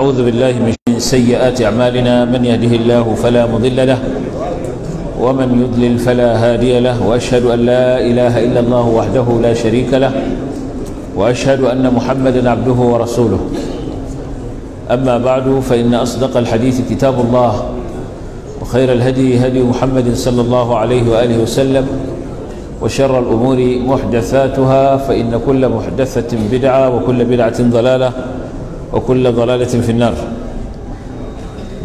أعوذ بالله من سيئات أعمالنا من يهده الله فلا مضل له ومن يضلل فلا هادي له وأشهد أن لا إله إلا الله وحده لا شريك له وأشهد أن محمدا عبده ورسوله أما بعد فإن أصدق الحديث كتاب الله وخير الهدي هدي محمد صلى الله عليه وآله وسلم وشر الأمور محدثاتها فإن كل محدثة بدعة وكل بدعة ضلالة wa kulla dalalatin fi nar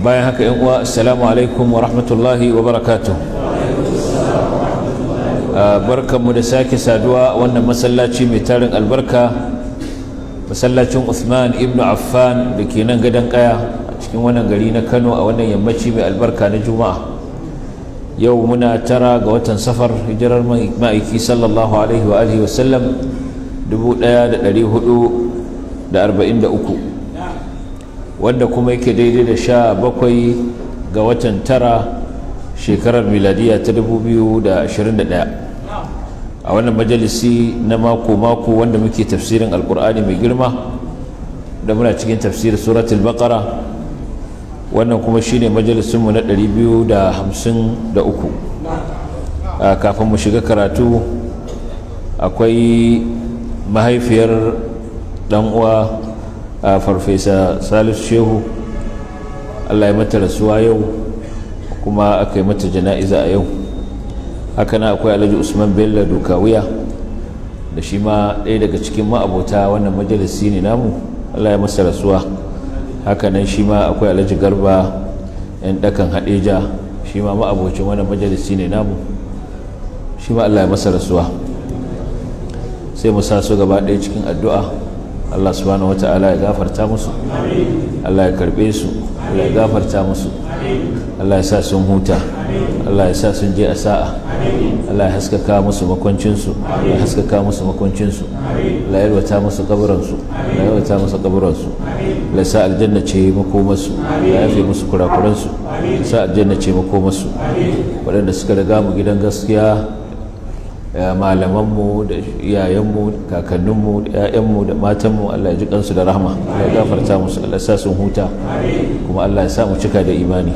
bayan haka yan uwa assalamu alaikum wa rahmatullahi wa barakatuh barkanmu da sake saduwa wannan masallaci mai tarin albarka masallacin usman ibn Affan da ke nan gadon kaya a cikin wannan gari na Kano a wannan yammaci mai albarka na Juma'a yau muna tara ga watan safar hijirar ma'aiki sallallahu alaihi wa alihi wasallam 1443 wanda kuma yake daidai da sha bakwai ga watan tara shekarar miladiya ta 2021 a wannan majalisi na mako-mako wanda muke tafsirin alkur'ani mai girma da muna cikin tafsirin suratul bakara wannan kuma shine majalisinmu na 253 kafin mu shiga karatu akwai mahaifiyar uwa A farfesa salisu shehu allah ya mata rasuwa yau kuma aka yi mata jana'iza a yau haka na akwai alhaji usman bello dukawiya da shi ma ɗaya daga cikin ma'abota wannan majalisi ne namu allah ya masa rasuwa haka nan shi ma akwai alhaji garba yan ɗakan haɗeja shi ma ma'abocin wannan majalisi ne namu shi ma allah ya masa rasuwa sai mu sa su gaba ɗaya cikin addu'a Allah subhanahu wata'ala ya gafarta musu Allah ya karbe su Allah ya gafarta musu Allah ya sa sun huta Allah ya sa sun je a sa'a Allah ya haskaka musu makwancinsu Allah ya haskaka musu makwancinsu Allah ya yalwata musu kaburansu Allah ya yalwata musu kaburansu Allah ya sa aljanna ce makomarsu Allah ya fi musu kurakuransu Allah ya sa aljanna ce makomarsu waɗanda suka riga mu gidan gaskiya malamanmu da iyayenmu kakanninmu da 'ya'yanmu da matanmu Allah ya ji kansu da rahama. Allah ya gafarta musu Allah sa sun huta kuma Allah ya sa mu cika da imani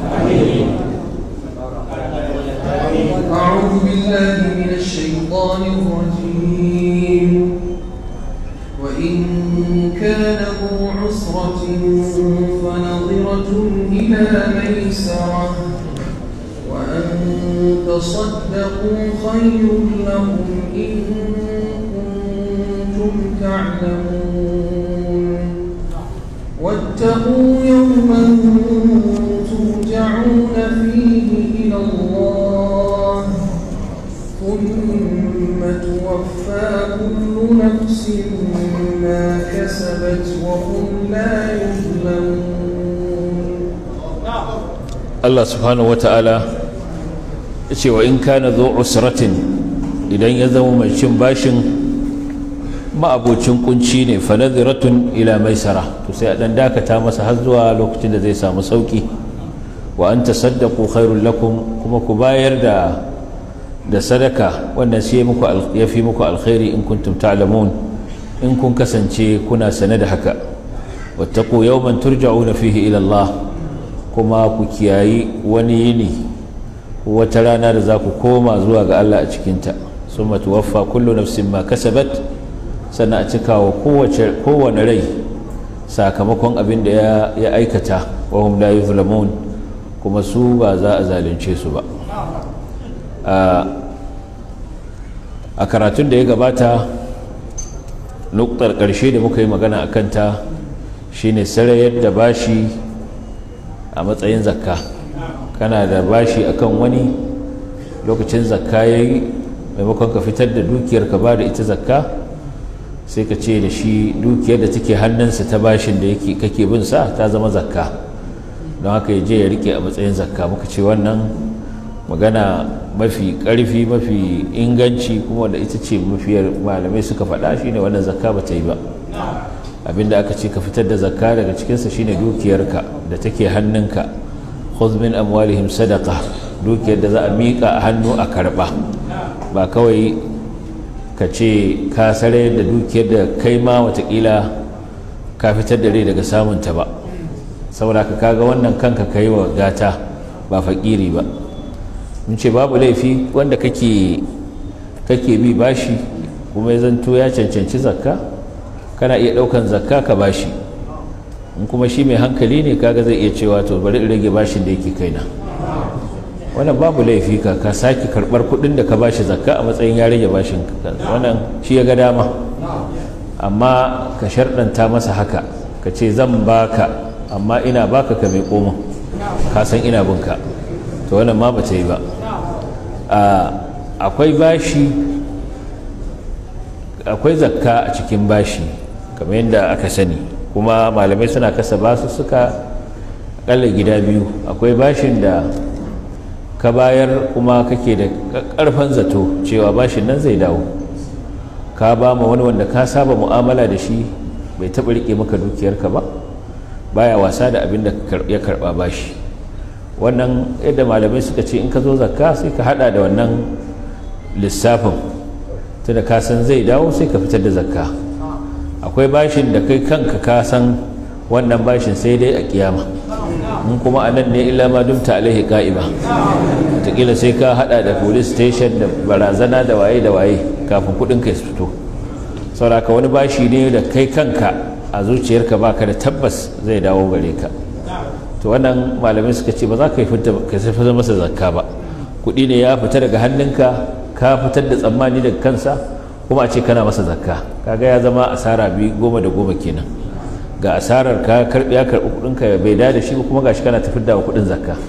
وإن كان ذو عسرة فنظرة إلى ميسرة فصدقوا خير لهم إن كنتم تعلمون واتقوا يوما ترجعون فيه إلى الله ثم توفى كل نفس ما كسبت وهم لا يظلمون الله سبحانه وتعالى cewa in kana zo usratin idan ya zama mai cin bashin ma'abocin kunci ne fanaziratun ila maisara to sai a dan dakata masa har zuwa lokacin da zai samu sauki wa an tasaddaqu khairul lakum kuma ku bayar da da sadaka wannan sai muku ya fi muku alkhairi in kuntum ta'lamun in kun kasance kuna sane da haka wattaqu yawman turja'una fihi ila Allah kuma ku kiyayi wani yini wata rana da za ku koma zuwa ga Allah a cikinta sun waffa kullu nafsin ma kasabat sannan a cika wa kowane rai sakamakon abin da ya aikata wa hum la yuzlamun kuma su ba za a zalunce su ba a karatun da ya gabata nuktar ƙarshe da muka yi magana a kanta shine sarayar yadda bashi a matsayin zakka kana da bashi akan wani lokacin zakka yayi maimakon ka fitar da dukiyar ka ba da ita zakka sai ka ce da shi dukiyar da take hannunsa ta bashin da yake kake bin sa ta zama zakka don haka ya je ya rike a matsayin zakka muka ce wannan magana mafi ƙarfi mafi inganci kuma da ita ce mafiyar malamai suka faɗa ne wannan zakka ba ta yi ba abinda aka ce ka fitar da zakka daga cikinsa shine dukiyarka da take hannunka khudh amwalihim sadaqa dukiyar da za a miƙa a hannu a karɓa ba kawai ka ce ka sare da dukiyar da kai ma watakila ka fitar da rai daga samunta ba saboda ka kaga wannan kanka ka yi wa gata ba faƙiri ba mun ce babu laifi wanda kake kake bi bashi kuma ya zanto ya cancanci zakka kana iya ɗaukan zakka ka bashi in kuma shi mai hankali ne kaga zai iya cewa to bari in rage bashin da yake na wannan babu laifi ka ka saki karbar kudin da ka bashi zakka a matsayin ya rage bashin ka wannan shi ya ga dama amma ka sharɗanta masa haka ka ce zan baka amma ina baka ka mai koma ka san ina ka to wannan ma ba yi ba akwai bashi akwai zakka a cikin bashi kamar yadda aka sani kuma malamai suna kasa basu suka kalla gida biyu akwai bashin da ka bayar kuma kake da karfan zato cewa bashin nan zai dawo ka ba ma wani wanda ka saba mu'amala da shi bai taɓa rike maka dukiyarka ba baya wasa da abin da ya karɓa bashi wannan yadda malamai suka ce in ka zo zakka sai ka hada da wannan lissafin tunda ka san zai dawo sai ka fitar da zakka akwai bashin da kai kanka ka san wannan bashin sai dai a kiyama in kuma a nan ne ila ma dumta alaihi ka'iba wataƙila sai ka hada da police station da barazana da waye da waye kafin kudin kai su fito sauraka wani bashi ne da kai kanka a zuciyarka baka da tabbas zai dawo gare ka to wannan malamai suka ce ba za ka yi fita ka sai masa zakka ba kuɗi ne ya fita daga hannunka ka fitar da tsammani daga kansa kuma a ce kana masa zakka kaga ya zama asara biyu goma da goma kenan ga asarar ka karbi ya karbi kudin ka bai da da shi kuma gashi kana tafiyar da kudin zakka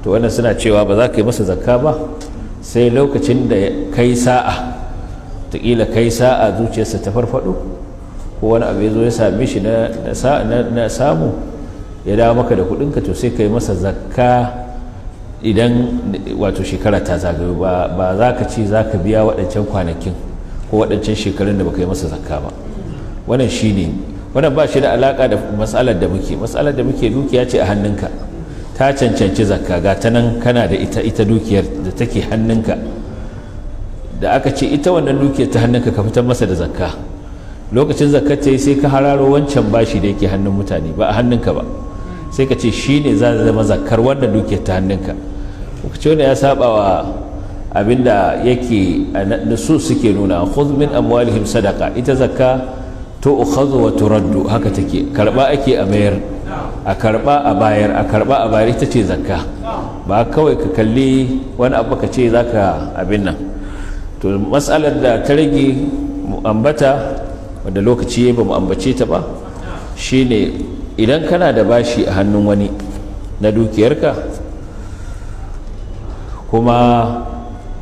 to wannan suna cewa ba za ka yi masa zakka ba sai lokacin da kai sa'a taƙila kai sa'a zuciyarsa ta farfado ko wani abu ya zo ya same shi na samu ya dawo maka da ka to sai ka yi masa zakka idan wato shekara ta zagayo ba za ka ce za ka biya waɗancan kwanakin ko waɗancan shekarun da baka yi masa zakka ba wannan shi ne wannan ba shi da alaƙa da matsalar da muke matsalar da muke dukiya ce a hannunka ta cancanci zakka ga ta nan kana da ita ita dukiyar da take hannunka da aka ce ita wannan dukiyar ta hannunka ka fitar masa da zakka lokacin zakka ta yi sai ka hararo wancan bashi da yake hannun mutane ba a hannunka ba sai ka ce shi ne za zama zakkar wannan dukiyar ta hannunka ka ce wanda ya saba wa abinda yake nasu suke nuna khudh min amwalihim sadaqa ita zakka to ukhadhu wa turaddu haka take karba ake a mayar a karba a bayar a karba a bayar ita ce zakka ba kawai ka kalli wani abu ka ce zaka abin nan to mas'alar da ta rage mu ambata wanda lokaci ba mu ambace ta ba shine idan kana da bashi a hannun wani na dukiyarka kuma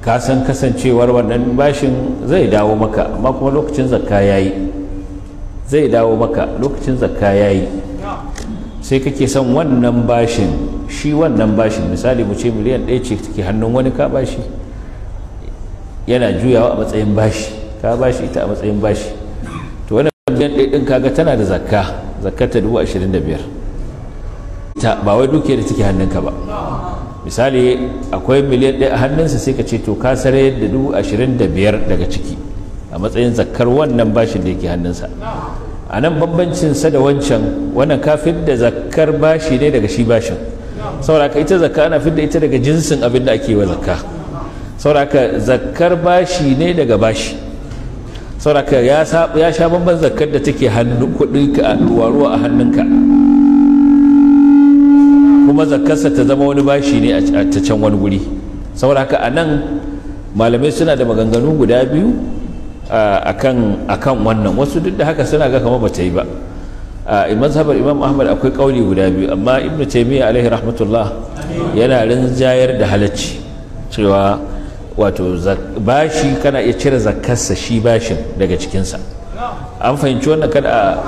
ka san kasancewar wannan bashin zai dawo maka amma kuma lokacin zakka yayi zai dawo maka lokacin zakka yayi sai kake son wannan bashin shi wannan bashin misali mu ce miliyan ɗaya ce take hannun wani ka bashi yana juyawa a matsayin bashi ka bashi ita a matsayin bashi to wannan miliyan ɗaya ɗin kaga tana da zakka zakka ta dubu ashirin da biyar ba wai dukiyar da take hannunka ba misali akwai miliyan ɗaya a hannunsa sai ka ce to ka sare da dubu ashirin da biyar daga ciki a matsayin zakar wannan bashin da yake hannunsa a nan bambancinsa da wancan wannan ka da zakar bashi ne daga shi bashin sauraka ita zakka ana da ita daga jinsin abin da ake wa zakka sauraka zakar bashi ne daga bashi sauraka ya sha bamban zakar da take hannu kuɗi ka ruwa a hannunka kuma zakarsa ta zama wani bashi ne a can wani guri saboda haka a nan malamai suna da maganganu guda biyu a kan wannan wasu duk da haka suna ga kamar ba ta yi ba a sabar imam ahmad akwai kauli guda biyu amma ibnu taimiyya alaihi rahmatullah yana rinjayar da halacci cewa wato bashi kana iya cire zakarsa shi bashin daga cikinsa an fahimci wannan kada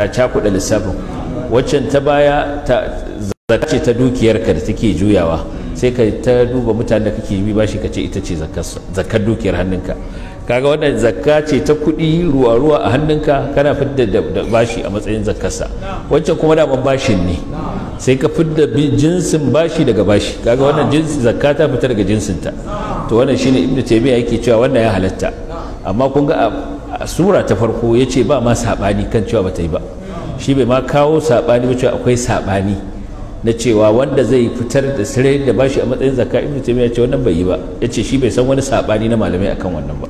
a cakuɗa lissafin waccan ta baya ta zaka ce ta dukiyarka da take juyawa sai ka ta duba mutanen da kake bi bashi ka ce ita ce zakar dukiyar hannunka kaga wannan zakka ce ta kuɗi ruwa-ruwa a hannunka kana fidda da bashi a matsayin zakkarsa wancan kuma daman bashin ne sai ka fidda jinsin bashi daga bashi kaga wannan jinsin zakka ta fita daga jinsinta to wannan shine ibnu taymiya yake cewa wannan ya halatta amma kun ga a sura ta farko yace ba ma sabani kan cewa bata yi ba shi bai ma kawo sabani ba cewa akwai sabani na cewa wanda zai fitar da sire da bashi a matsayin zakka ibnu taymiya ce wannan bai yi ba yace shi bai san wani sabani na malamai akan wannan ba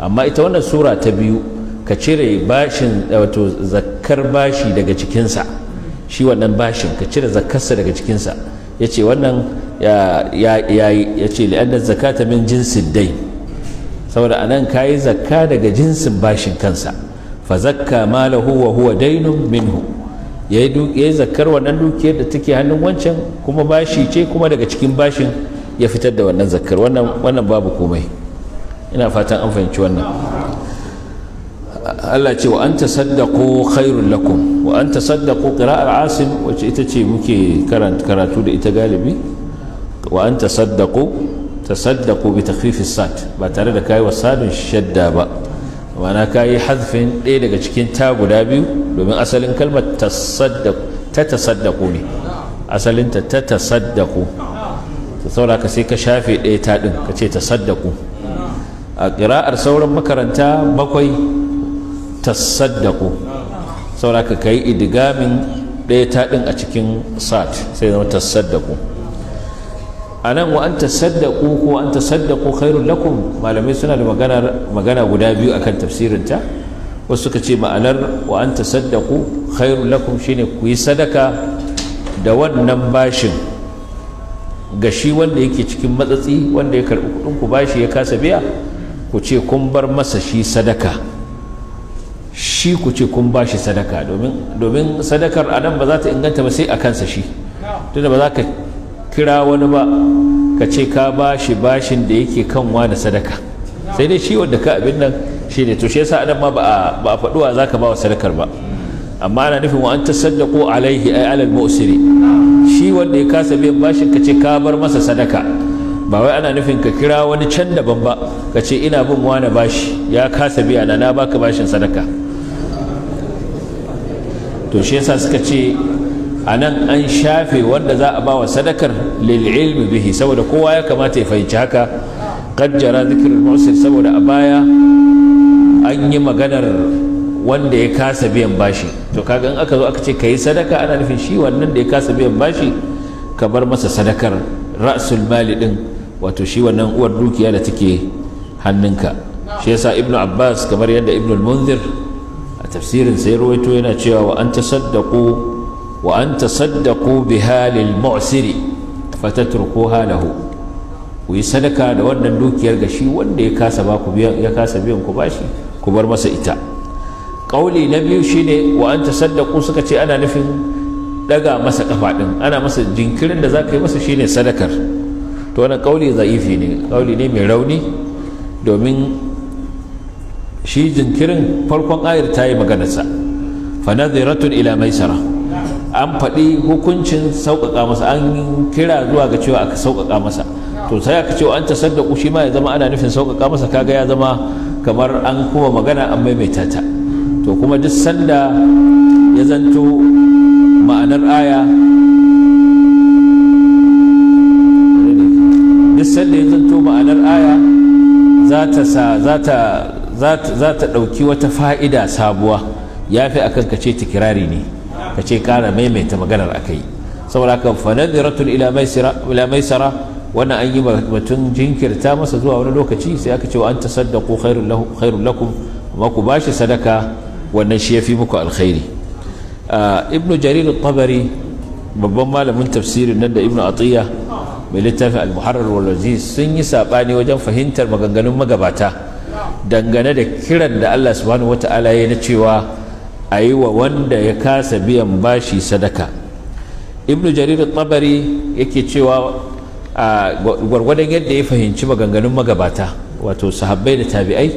amma ita wannan sura ta biyu ka cire bashin wato zakkar bashi daga cikinsa shi wannan bashin ka cire zakkarsa daga cikinsa yace wannan ya ya yace li'anna zakata min jinsi dai saboda anan kayi zakka daga jinsin bashin kansa fa zakka malahu wa huwa dainun minhu ya yi zakar wannan dukiyar da take hannun wancan kuma bashi ce kuma daga cikin bashin ya fitar da wannan zakar wannan babu komai ina fatan an fahimci wannan Allah ce wa an tasaddaqu khairul lakum wa an tasaddaqu qira'ar asim wacce ita ce muke karatu da ita galibi wa an ta tasaddaqu bi takhfifis sad ba tare da kayi wa sadun shadda ba ma'ana kayi hadfin ɗaya daga cikin ta guda biyu domin asalin kalmar ta tasaddaku ne asalinta ta tasaddaku ta saura ka sai ka shafe ɗaya ta ɗin ka ce tasaddaku a ƙira'ar sauran makaranta bakwai tasaddaku saura ka yi idigamin ɗaya ta ɗin a cikin sat sai zama tasaddaku a nan wa an tasaddaku ko an tasaddaku khairun lakum malamai suna da magana guda biyu akan tafsirinta wasu suka ce ma'anar wa an tasaddaqu khairul lakum shine ku yi sadaka da wannan bashin ga shi wanda yake cikin matsatsi wanda ya karɓi kuɗin ku bashi ya kasa biya ku ce kun bar masa shi sadaka shi ku ce kun bashi sadaka domin sadakar anan ba za ta inganta ba sai a kansa shi tunda ba za ka kira wani ba ka ce ka bashi bashin da yake kanwa da sadaka sai dai shi wanda ka abin nan shine to shi yasa anan ma ba ba faɗuwa zaka ba wa sadakar ba amma ana nufin wa an tasaddaqu alaihi ay alal mu'siri shi wanda ya kasa biyan bashin ka ce ka bar masa sadaka ba wai ana nufin ka kira wani can daban ba ka ce ina bin wani bashi ya kasa biya na na baka bashin sadaka to shi yasa suka ce a nan an shafe wanda za a bawa sadakar lil'ilmi bihi saboda kowa ya kamata ya fahimci haka kajjara zikirin musir saboda a baya an yi maganar wanda ya kasa biyan bashi to kaga in aka zo aka ce ka yi sadaka ana nufin shi wannan da ya kasa biyan bashi ka bar masa sadakar ra'asul mali din wato shi wannan uwar dukiya da take hannunka shi yasa ibnu abbas kamar yadda ibnu munzir a tafsirin sai ruwaito yana cewa wa an tasaddaqu wa an tasaddaqu biha lil mu'siri fatatrukuha halahu ku yi sadaka da wannan dukiyar ga shi wanda ya kasa ba ku ya kasa biyan ku bashi ku bar masa ita ƙauli na biyu shine wa an tasaddaqu suka ce ana nufin daga masa kafa din ana masa jinkirin da zaka yi masa shine sadakar to wannan ƙauli za'ifi ne ƙauli ne mai rauni domin shi jinkirin farkon ayar ta yi maganarsa fa nadhiratun ila maisara an faɗi hukuncin sauƙaƙa masa an kira zuwa ga cewa aka sauƙaƙa masa to sai aka cewa an tasaddaku shi ma ya zama ana nufin sauƙaƙa masa kaga ya zama kamar an kuma magana an maimaita ta to kuma duk sanda ya zanto ma'anar aya duk sanda ya zanto ma'anar aya za ta ɗauki wata fa'ida sabuwa ya fi akan ka ce tikirari ne ka ce ƙara maimaita maganar akai saboda haka fanadiratun ila maisara wannan an yi batun jinkirta masa zuwa wani lokaci sai aka ce wa an tasaddaqu khairul lakum amma ku bashi sadaka wannan shi fi muku alkhairi ah, ibnu jarir tabari babban malamin tafsirin nan da ibnu atiya mai littafin al-muharrar sun yi saɓani wajen fahimtar maganganun magabata dangane da kiran da Allah subhanahu ala ya na cewa a yi wa wanda ya kasa biyan bashi sadaka ibnu jarir tabari yake cewa a gwargwadon yadda ya fahimci maganganun magabata wato sahabbai da tabi'ai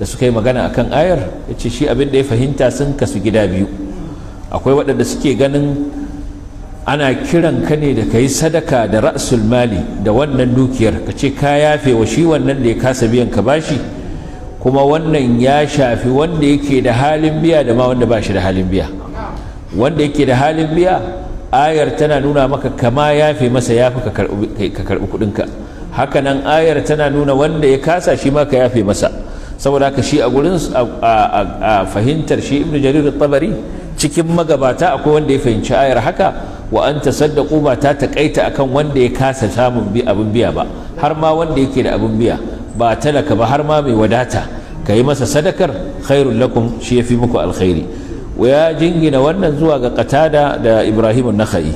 da suka yi magana a kan ayar ya ce shi abin da ya fahimta sun kasu gida biyu akwai waɗanda suke ganin ana kiran ka ne da ka yi sadaka da ra'asul mali da wannan dukiyar ka ce ka yafe wa shi wannan da ya kasa biyan ka bashi kuma wannan ya shafi wanda yake da halin biya da ma wanda ba shi da halin biya wanda yake da halin biya ayar tana nuna maka kama yafe masa fi ka karɓi kuɗinka haka nan ayar tana nuna wanda ya kasa shi maka yafe masa saboda haka shi a gurin a fahimtar shi ibnu jarir tabari cikin magabata akwai wanda ya fahimci ayar haka wa an tasaddaqu ba ta taƙaita akan wanda ya kasa samun abin biya ba har ma wanda yake da abin biya ba talaka ba har ma mai wadata ka yi masa sadakar khairul lakum shi ya fi muku alkhairi ya jingina wannan zuwa ga qatada da ibrahim nakhai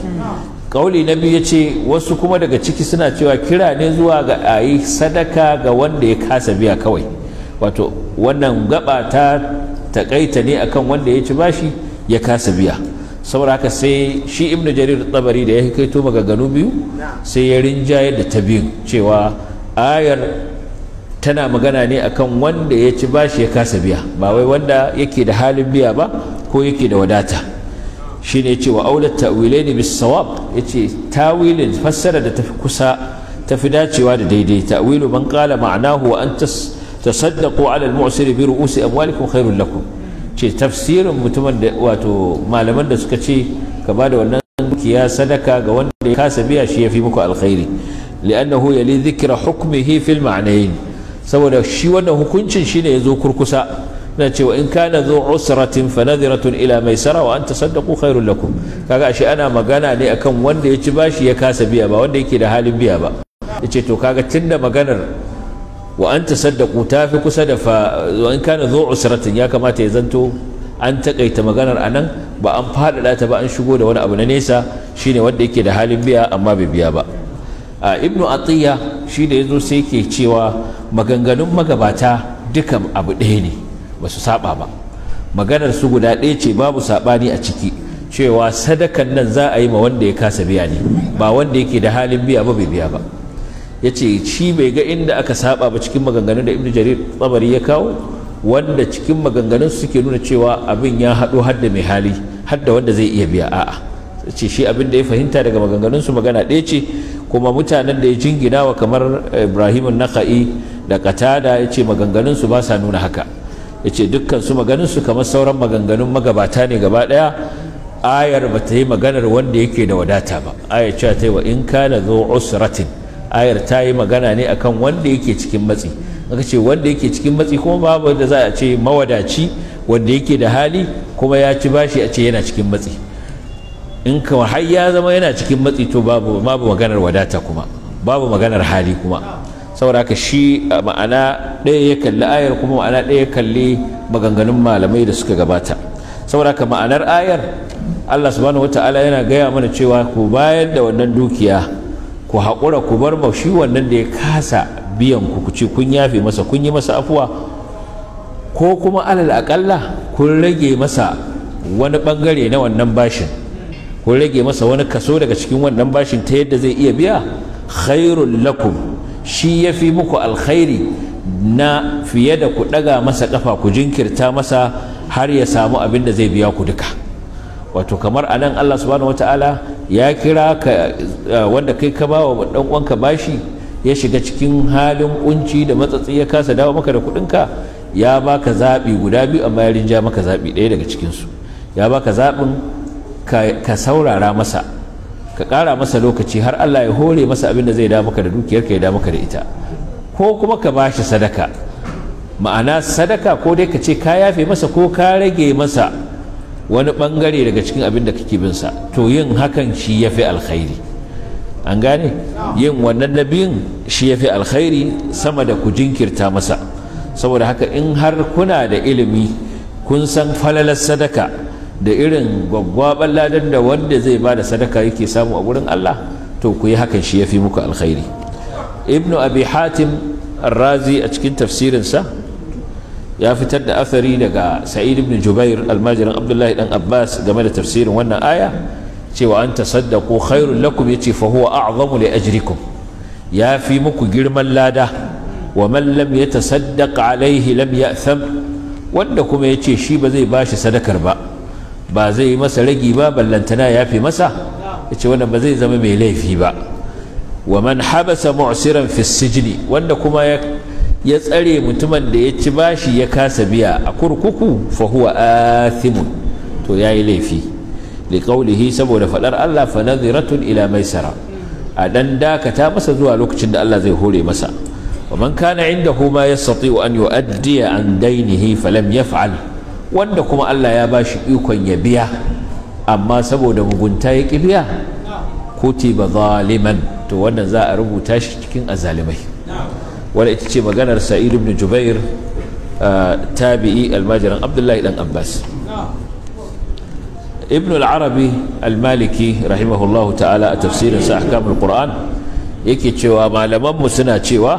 kauli na biyu ya ce wasu kuma daga ciki suna cewa kira ne zuwa ga ayi sadaka ga wanda ya kasa biya kawai wato wannan gaba ta takaita ne akan wanda ya ci bashi ya kasa biya saboda haka sai shi ibnu jarir tabari da ya kaito ganu biyu sai ya rinjaye da ta biyu cewa ayar tana magana ne akan wanda ya ci bashi ya kasa biya ba wai wanda yake da halin biya ba ko yake da wadata shi ne wa aulat ta'wilai ne bis sawab ya ce tawilin fassara da tafi kusa tafi dacewa da daidai ta'wilu man qala ma'anahu wa an tasaddaqu 'ala al-mu'siri bi ru'usi amwalikum khairul lakum ce tafsirin mutumin da wato malaman da suka ce ka ba da wannan dukiya sadaka ga wanda ya kasa biya shi ya fi muku alkhairi li'annahu yali dhikra hukmihi fil ma'nayn saboda shi wannan hukuncin shine zo kurkusa ana cewa in kana zo usratin fa nadhiratun ila maisara wa anta saddaqu khairul lakum kaga ashe ana magana ne akan wanda ya ci bashi ya kasa biya ba wanda yake da halin biya ba yace to kaga tunda maganar wa anta ta tafi kusa da fa wa in kana zo usratin ya kamata ya zanto an takaita maganar anan ba an faɗaɗa ta ba an shigo da wani abu na nesa shine wanda yake da halin biya amma bai biya ba a ibnu atiya shi da yazo sai yake cewa maganganun magabata dukan abu ɗaya ne ba su saba ba maganar su guda ɗaya ce babu saɓani a ciki cewa sadakan nan za a yi ma wanda ya kasa biya ne ba wanda yake da halin biya ba bai biya ba ya ce shi bai ga inda aka saba ba cikin maganganun da ibnu jarir tsabari ya kawo wanda cikin maganganun suke nuna cewa abin ya haɗo har da mai hali har da wanda zai iya biya a'a ce shi abin da ya fahimta daga maganganun su magana ɗaya ce kuma mutanen da ya jingina wa kamar eh, ibrahim naka'i da katada ya ce maganganun su ba sa nuna haka yace dukkan su maganin su kamar sauran maganganun magabata ne gaba daya ayar ba ta yi maganar wanda yake da wadata ba ayar cewa ta yi wa in kana zo usratin ayar ta yi magana ne akan wanda yake cikin matsi aka ce wanda yake cikin matsi kuma babu wanda za a ce mawadaci wanda yake da hali kuma ya ci bashi a ce yana cikin matsi in ka har ya zama yana cikin matsi to babu maganar wadata kuma babu maganar hali kuma saboda haka shi ma'ana ɗaya ya kalli ayar kuma ma'ana ɗaya ya kalli maganganun malamai da suka gabata saboda haka ma'anar ayar Allah subhanahu wata'ala yana gaya mana cewa ku bayar da wannan dukiya ku haƙura ku bar ma shi wannan da ya kasa biyan ku ku ce kun yafe masa kun yi masa afuwa ko kuma alal aƙalla kun rage masa wani bangare na wannan bashin kun rage masa wani kaso daga cikin wannan bashin ta yadda zai iya biya khairul lakum shi ya fi muku alkhairi na fiye da ku ɗaga masa ƙafa ku jinkirta masa har ya samu abin da zai biya ku duka wato kamar a nan allah subhanahu wataala ya kira ka eh, wanda kai ka ba wa ɗan uwanka bashi ya shiga cikin halin kunci da matsatsi ya kasa dawo maka da kuɗinka ya baka zaɓi guda biyu amma ya rinja maka zaɓi ɗaya daga cikinsu ya baka zaɓin ka saurara masa ka ƙara masa lokaci har Allah ya hore masa abin da zai da maka da dukiyarka ya da maka da ita ko kuma ka ba shi sadaka ma'ana sadaka ko dai ka ce ka yafe masa ko ka rage masa wani bangare daga cikin abin da kake bin sa to yin hakan shi yafi alkhairi an gane yin wannan na biyun shi yafi alkhairi sama da ku jinkirta masa saboda haka in har kuna da ilimi kun san falalar sadaka da irin gwaggwaban ladan da wanda zai ba da sadaka yake samu a wurin Allah to ku yi hakan shi ya fi muku alkhairi ibn abi hatim razi a cikin tafsirinsa ya fitar da athari daga sa'id ibn jubair almajirin abdullahi dan abbas game da tafsirin wannan aya cewa an tasaddaqu khairul lakum yace fa huwa a'zamu li ajrikum ya fi muku girman lada wa man lam yatasaddaq alaihi lam ya'tham wanda kuma yace shi ba zai bashi sadakar ba ba zai yi masa ragi ba ballantana ya fi masa ya ce wannan ba zai zama mai laifi ba wa man habasa mu'siran fi sijni wanda kuma ya tsare mutumin da ya ci bashi ya kasa biya a kurkuku fa huwa athimun to yayi laifi li qawlihi saboda fadar Allah fa nadhiratun ila maisara a dan dakata masa zuwa lokacin da Allah zai hore masa wa man kana indahu ma yastati an yu'addiya an dainihi falam yaf'al wanda kuma Allah ya ba shi ikon ya biya amma saboda mugunta ya ƙi biya kutiba zaliman to wannan za a rubuta shi cikin azalimai wadda ita ce maganar sa'id ibn jubair uh, tabi'i almajiran abdullahi dan abbas ibn al-arabi al-maliki rahimahullahu ta'ala a tafsirin sa ahkamul qur'an yake cewa malaman mu suna cewa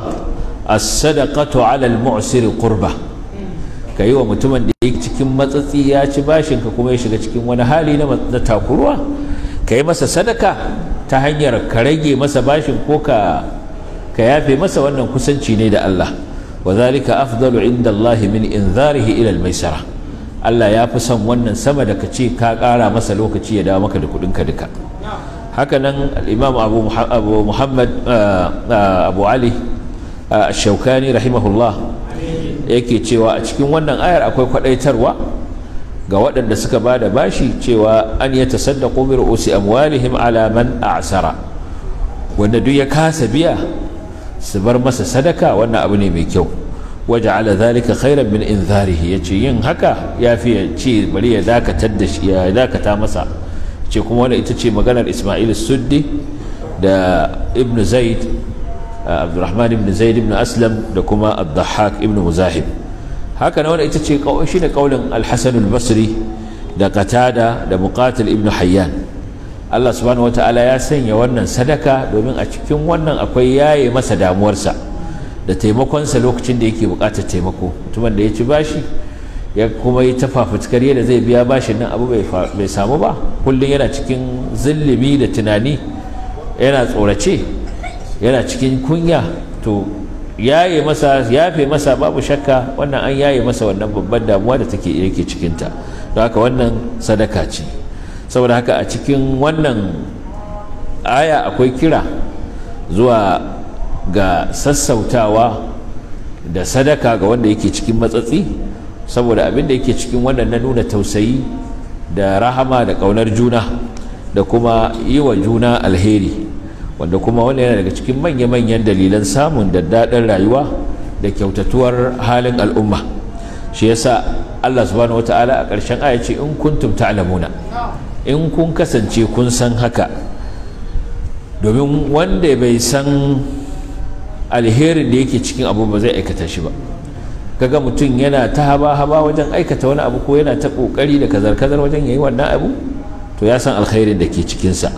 as-sadaqatu 'ala al-mu'sir qurba ka yi wa mutumin da yake cikin matsatsi ya ci bashin ka kuma ya shiga cikin wani hali na takuruwa ka yi masa sadaka ta hanyar ka rage masa bashin ko ka yafe masa wannan kusanci ne da Allah wa zalika afdalu inda Allah min inzarihi ila al-maisara Allah ya fi son wannan sama da ka ce ka ƙara masa lokaci ya dawo maka da ka duka hakanan al-imam abu abu muhammad ah, ah, abu ali ah, shaukani rahimahullah yake cewa a cikin wannan ayar akwai kwadaitarwa ga waɗanda suka ba da bashi cewa an ya tasaddaku bi ru'usi amwalihim ala a a'sara wanda duk ya kasa biya su bar masa sadaka wannan abu ne mai kyau waje ala zalika khairan min ya yace yin haka yafi ya ce bari ya dakatar da shi ya dakata masa ce kuma wani ita ce maganar Isma'il Suddi da Ibn Zaid Abdulrahman ibn zaid ibn aslam da kuma ad ibn muzahib haka na wannan ita ce shi ne kaulin Alhassanul hasan basri da Katada da muqatil ibn hayyan Allah subhanahu wataala ya sanya wannan sadaka domin a cikin wannan akwai yaye masa damuwarsa da taimakonsa lokacin da yake bukatar taimako mutumin da ya ci bashi ya kuma yi ta fafutukar yadda zai biya bashin nan abu bai samu ba kullum yana cikin zillimi da tunani yana tsorace yana cikin kunya to yaye masa yafe masa babu shakka wannan an yaye masa wannan babban damuwa da take yake cikinta don haka wannan sadaka ce saboda haka a cikin wannan aya akwai kira zuwa ga sassautawa da sadaka ga wanda yake cikin matsatsi saboda abin da yake cikin wannan na nuna tausayi da rahama da ƙaunar juna da kuma yi wa juna alheri wanda kuma wani yana daga cikin manya-manyan dalilan samun daddaɗar rayuwa da kyautatuwar halin al'umma shi yasa Allah subhanahu wata'ala a ƙarshen aya ce in tumta alamuna in kun kasance kun san haka domin wanda bai san alherin da yake cikin abu ba zai aikata shi ba kaga mutum yana ta haba-haba wajen aikata wani abu ko yana ta kokari da kazar-kazar wajen yayi wannan abu to ya san alherin da ke cikinsa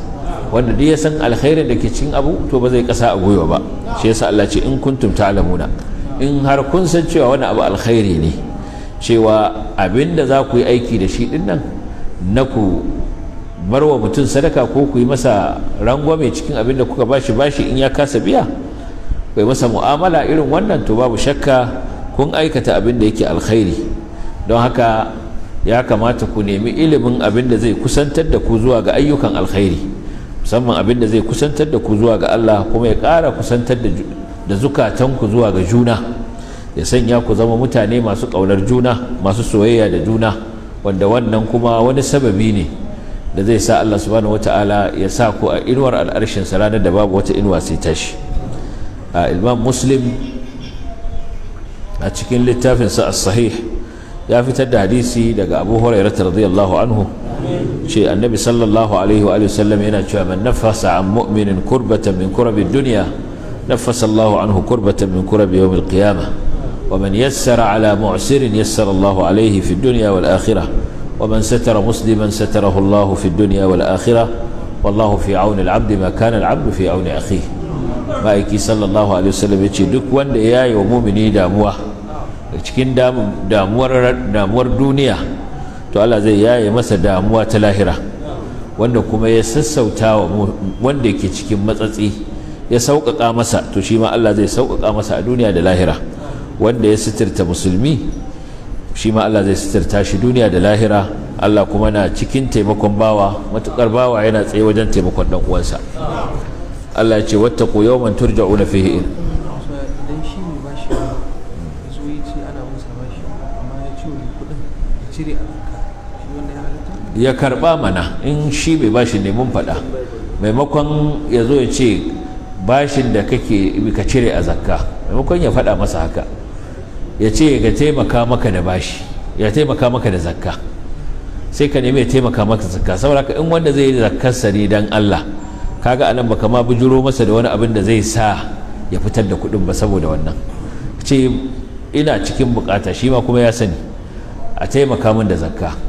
wanda duk ya san alkhairin da ke cikin abu to ba zai kasa a gwiwa ba shi yasa Allah ce in kuntum ta'lamuna in har kun san cewa wani abu alkhairi ne cewa abinda za ku yi aiki da shi din nan na ku bar wa mutum sadaka ko ku yi masa rangwame cikin abinda kuka bashi bashi in ya kasa biya bai masa mu'amala irin wannan to babu shakka kun aikata abin da yake alkhairi don haka ya kamata ku nemi ilimin abin da zai kusantar da ku zuwa ga ayyukan alkhairi musamman abin da zai kusantar da ku zuwa ga Allah kuma ya ƙara kusantar da zukatanku zuwa ga juna ya sanya ku zama mutane masu ƙaunar juna masu soyayya da juna wanda wannan kuma wani sababi ne da zai sa Allah subhanahu wata'ala ya sa ku a inuwar al'arshin ranar da babu wata inuwa sai tashi a imam muslim a cikin littafinsa as-sahih ya fitar da hadisi daga abu hurairah radiyallahu anhu ce annabi sallallahu alaihi wa sallam yana cewa man nafasa an mu'minin kurbatan min kurabi duniya nafasa Allahu anhu kurbatan min kurabi yawmil qiyamah wa man yassara ala mu'sirin yassara Allahu alaihi fi dunya wal akhirah wa man satara musliman satarahu Allahu fi dunya wal akhirah wallahu fi auni al-abdi ma kana al-abdu fi auni akhihi ma'aiki sallallahu alaihi wasallam ya ce duk wanda ya yi wa mumini damuwa cikin damuwar duniya to Allah zai yaye masa damuwa ta lahira wanda kuma ya sassauta wa wanda yake cikin matsatsi ya sauƙaƙa masa to shi ma Allah zai sauƙaƙa masa a duniya da lahira wanda ya sitirta musulmi shi ma Allah zai sitirta shi duniya da lahira Allah kuma na cikin taimakon bawa matuƙar bawa yana tsaye wajen taimakon ɗan uwansa Allah ya ce wattaqu yawman turja'una fihi Yeah. ya karba mana in shi bai bashi ne mun faɗa maimakon ya zo ya ce bashin da kake ka cire a zakka maimakon ya fada masa haka ya ce ga taimaka maka da bashi ya taimaka maka da zakka sai ka nemi ya taimaka maka zakka saboda haka in wanda zai yi sa ne dan Allah kaga anan baka ma bujuro masa da wani abin da zai sa ya fitar da kuɗin ba saboda wannan ce ina cikin bukata shi ma kuma ya sani a taimaka min da zakka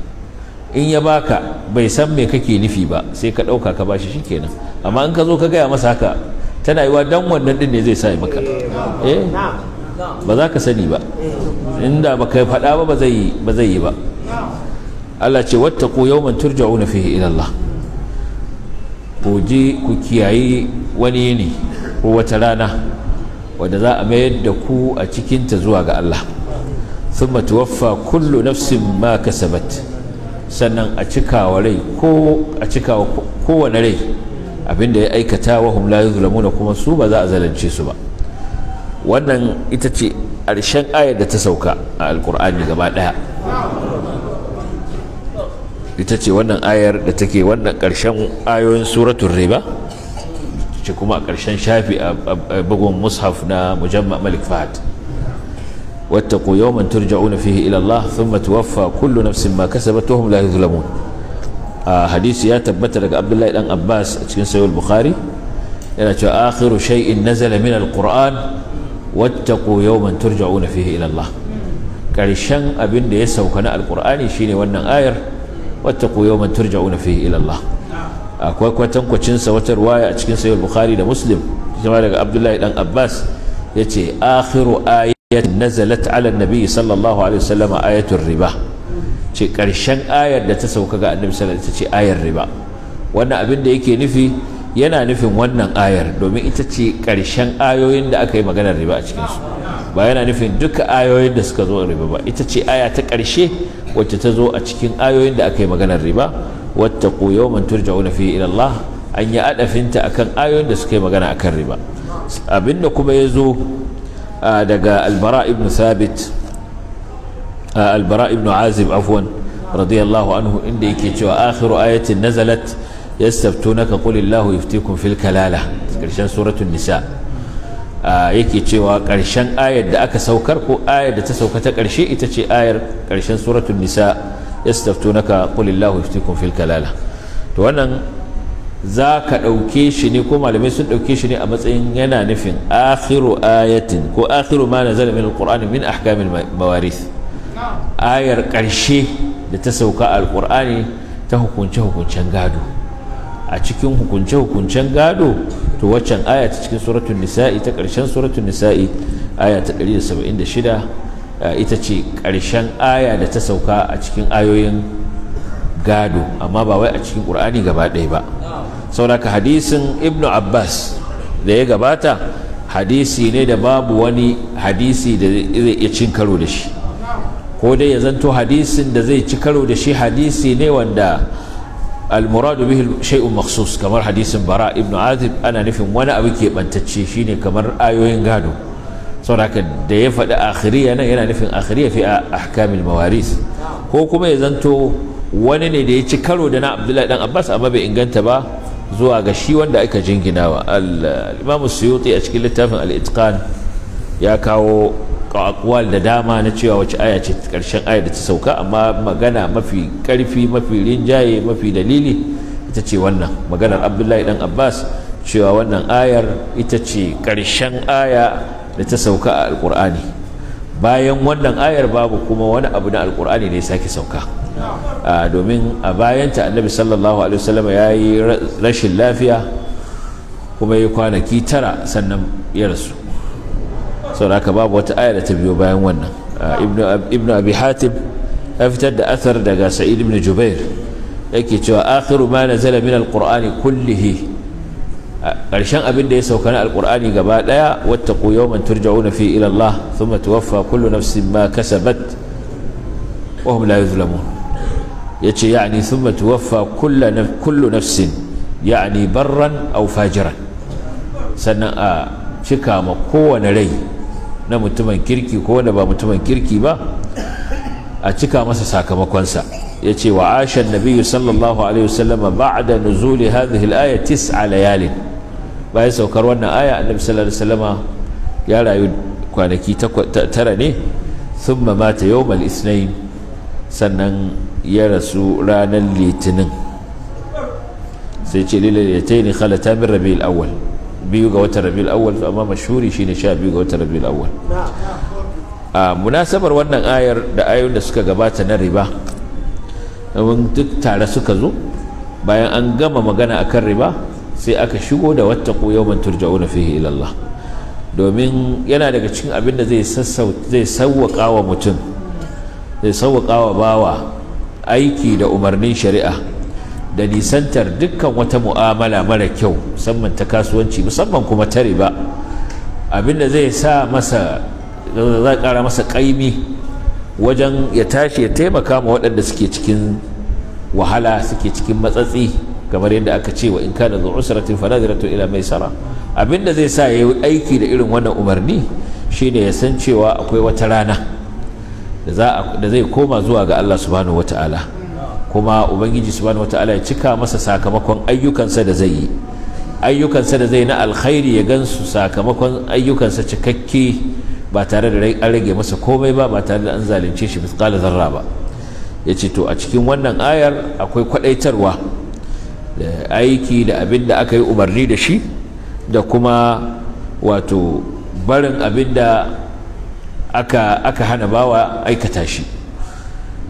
in ya baka bai san me kake nufi ba sai ka ɗauka ka bashi shikenan amma in ka zo ka gaya masa haka tana yiwa dan wannan din ne zai sa maka eh ba za ka sani ba inda ba kai faɗa ba ba zai yi ba Allah ce wattaqu yawman turja'una fihi ila Allah ku ku kiyayi wani ne ko wata rana wadda za a mayar da ku a cikinta zuwa ga Allah thumma tuwaffa kullu nafsin ma kasabat sannan a cikawa rai ko a cikawa kowane rai abinda ya aikata wa hum la kuma su ba za a zalunce su ba wannan ita ce ƙarshen ayar da ta sauka a alkur'ani gaba ɗaya ita ce wannan ayar da take wannan ƙarshen ayoyin suratun riba ce kuma a ƙarshen shafi a bugun mushaf na mujamma malik fahad wata yawman turja'una fihi ila Allah thumma tuwaffa kullu nafsin ma kasabat wa hum la a hadisi ya tabbata daga Abdullahi dan Abbas a cikin sahih bukhari yana cewa akhiru shay'in nazala min al-Qur'an wattaqu yawman turja'una fihi ila karshen abin da ya sauka na alkur'ani shine wannan ayar wattaqu yawman turja'una fihi ila Allah akwai kwatankwacinsa sa wata ruwaya a cikin sahih bukhari da muslim kuma daga abdullahi dan abbas ya yace akhiru aya. nazalat ala nabi sallallahu alaihi wasallam ayatul riba ce karshen ayar da ta sauka ga annabi sallallahu alaihi wasallam ce ayar riba wannan abin da yake nufi yana nufin wannan ayar domin ita ce karshen ayoyin da aka yi maganar riba a cikin su ba yana nufin duka ayoyin da suka zo riba ba ita ce aya ta karshe wacce ta zo a cikin ayoyin da aka yi maganar riba wattaqu yawman turja'una fihi ila Allah an yi adafinta akan ayoyin da suka yi magana akan riba abinda kuma ya zo daga albara ibn thabit albara ibn azib afwan radiyallahu anhu inda yake cewa akhiru ayatin nazalat yastaftunaka qul illahu yuftikum fil kalala karshen suratul nisa yake cewa karshen ayar da aka saukar ko ayar da ta sauka ta karshe ita ce ayar karshen suratul nisa yastaftunaka qul illahu yuftikum fil kalala to wannan za ka ɗauke shi ne ko malamai sun ɗauke shi ne a matsayin yana nufin akhiru ayatin ko akhiru ma na zalamin alƙur'ani min ahkamin mawaris ayar ƙarshe da ta sauka alƙur'ani ta hukunce-hukuncen gado a cikin hukunce-hukuncen gado to waccan aya ta cikin suratun nisa'i ta ƙarshen suratun nisa'i aya ta 176 ita ce ƙarshen aya da ta sauka a cikin ayoyin gado amma ba wai a cikin ƙur'ani gaba ɗaya ba sauraka hadisin ibnu abbas da ya gabata hadisi ne da babu wani hadisi da zai iya cin karo da shi ko dai ya zanto hadisin da zai ci karo da shi hadisi ne wanda almuradu bihi shay'un makhsus kamar hadisin bara ibnu azib ana nufin wani abu ke bantacce shine kamar ayoyin gado saboda da ya faɗi akhiriya nan yana nufin akhiriya fi ahkamil mawaris ko kuma ya zanto wani ne da ya ci karo da na abdullahi dan abbas amma bai inganta ba zuwa ga shi wanda aka jinginawa al-imamu suyuti a cikin littafin al-itqan ya kawo akwal da dama na cewa wace aya ce karshen aya da ta sauka amma magana mafi karfi mafi rinjaye mafi dalili ita ce wannan maganar abdullahi dan abbas cewa wannan ayar ita ce karshen aya da ta sauka a alkur'ani bayan wannan ayar babu kuma wani abu na alkur'ani ne sake sauka domin a bayanta annabi sallallahu alaihi wasallam ya yi rashin lafiya kuma ya kwanaki tara sannan ya rasu sauraka babu wata aya da ta biyo bayan wannan ibnu abi hatim ya fitar da athar daga sa'id ibn jubair yake cewa akhiru ma nazala min alqur'ani kullihi ƙarshen abin da ya sauka na alƙur'ani gaba ɗaya wata ƙuyo man turja'una fi ilallah thumma tuwaffa kullu nafsin ma kasabat wa hum la yuzlamun ya ce ya'ani sun matuwaffa kullu nafsin ya'ani barran au fajiran sannan a cika ma kowane rai na mutumin kirki ko wanda ba mutumin kirki ba a cika masa sakamakonsa ya ce wa ashan nabiyu sallallahu alaihi wasallama ba'da nuzuli hadhihi al-aya tis'a layalin bayan saukar wannan aya annabi sallallahu alaihi wasallama ya rayu kwanaki tara ne thumma mata yawmal isnain sannan ya rasu ranar litinin sai ce yi ne ta min rabi al'awal biyu ga watan al'awal su amma Mashuri shi ne sha biyu ga watan rabi al'awal a munasabar wannan ayar da ayoyin da suka gabata na riba domin duk tare suka zo bayan an gama magana a kan riba sai aka shigo da wata wattaku yawman turja'una na fi ilallah domin yana daga cikin abin da zai sauwaƙa mutum zai sauwaƙa wa bawa aiki da umarnin shari'a da nisantar dukkan wata mu'amala mara kyau musamman ta kasuwanci musamman kuma ta riba abinda zai sa masa za kara masa kaimi wajen ya tashi ya taimaka ma waɗanda suke cikin wahala suke cikin matsatsi kamar yadda aka ce wa in kana zuwa usratin fanaziratu ila sara abinda zai sa ya yi aiki da irin wannan umarni shine ya san cewa akwai wata rana da zai koma zuwa ga Allah subhanahu wata'ala kuma ubangiji subhanahu wata'ala ya cika masa sakamakon ayyukansa da zai yi ayyukansa da zai na alkhairi ya gansu sakamakon ayyukansa cikakke ba tare da an rage masa komai ba ba tare da an zalunce shi misqala zarra ba yace to a cikin wannan ayar akwai kwadaitarwa da aiki da abin da aka yi umarni da shi da kuma wato barin abin da aka hana bawa aikata shi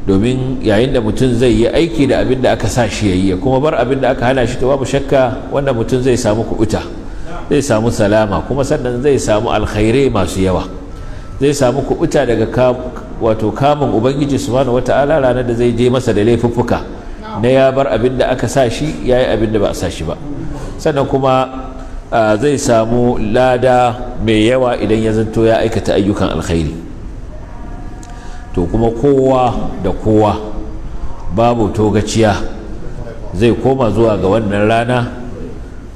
domin yayin da mutum zai yi aiki da abin da aka sa shi yayi ya kuma bar abin da aka hana shi to babu shakka wanda mutum zai samu kubuta zai samu salama kuma sannan zai samu alkhairai masu yawa zai samu kuɗuta daga wato kamun ubangiji wata wata'ala ranar da zai je masa da laifuffuka na ya bar abin da aka sa shi yayi abin da ba a sa shi ba sannan kuma zai samu lada mai yawa idan ya zanto ya aikata ayyukan alkhairi to kuma kowa da kowa babu togaciya zai koma zuwa ga wannan rana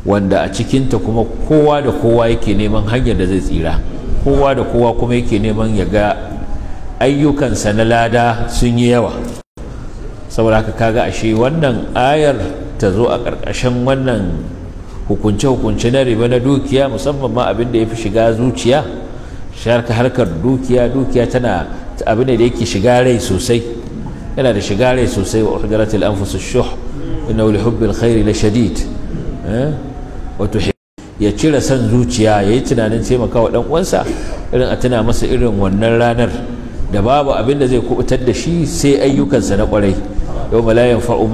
wanda a cikinta kuma kowa da kowa yake neman hanyar da zai tsira kowa da kowa kuma yake neman ya ga ayyukansa na lada sun yi yawa saboda haka kaga ashe wannan ayar ta zo a ƙarƙashin wannan hukunce-hukunce na riba na dukiya musamman ma abin da ya fi shiga zuciya sharka harkar dukiya dukiya tana abin da yake shiga rai sosai yana da shiga rai sosai wa hujjaratul anfusu shuh inna li hubbil khairi la shadid eh? wato ya cire san zuciya yayi tunanin taimakawa ɗan uwansa irin a tuna masa irin wannan ranar da babu abin da zai kubutar da shi sai ayyukansa na kwarai yau la yanfa'u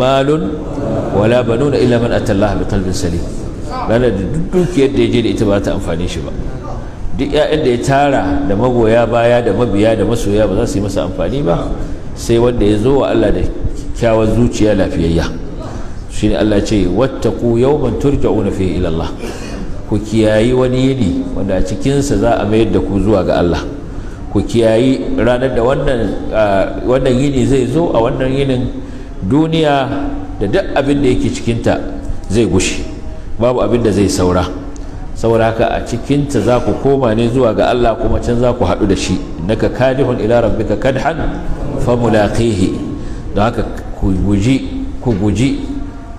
wala banuna illa man atallaha bi qalbin salim ranar da duk dukiyar da ya je da ita ba ta amfani shi ba duk 'ya'yan da ya tara da magoya baya da mabiya da masoya ba za su yi masa amfani ba sai wanda ya zo wa Allah da kyawar zuciya lafiyayya shi ne Allah ce wattaku yawman turja'una fihi ila Allah ku kiyayi wani yini wanda a cikinsa za a mayar da ku zuwa ga Allah ku kiyayi ranar da wannan yini zai zo a wannan yinin duniya da duk abin da yake cikinta zai gushe babu abin da zai saura saboda haka a cikinta za ku koma ne zuwa ga Allah kuma can za ku haɗu da shi naka kadihun ila rabbika kadhan fa mulaqihi don haka ku guji ku guji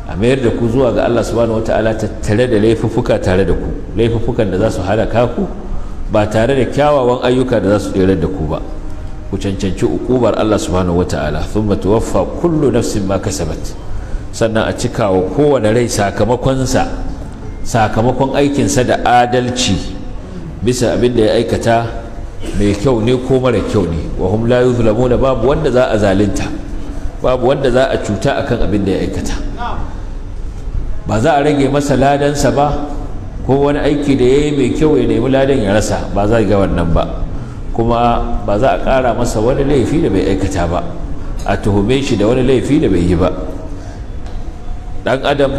a mayar da ku zuwa ga Allah subhanahu wataala tattare da laifuffuka tare da ku laifuffukan da za su halaka ku ba tare da kyawawan ayyuka da za su tsere da ku ba ku cancanci ukubar Allah subhanahu wataala thumma tuwaffa kullu nafsin ma kasabat sannan a cika wa kowane rai sakamakonsa sakamakon aikinsa da adalci bisa abin da ya aikata mai kyau ne ko mara kyau ne wa hum la yuzlamuna babu wanda za a zalunta babu wanda za a cuta akan abin da ya aikata ba za a rage masa ladansa ba ko wani aiki da ya yi mai kyau ya nemi ladan ya rasa ba za ga wannan ba kuma ba za a ƙara masa wani laifi da bai aikata ba a tuhume shi da wani laifi da bai yi ba dan adam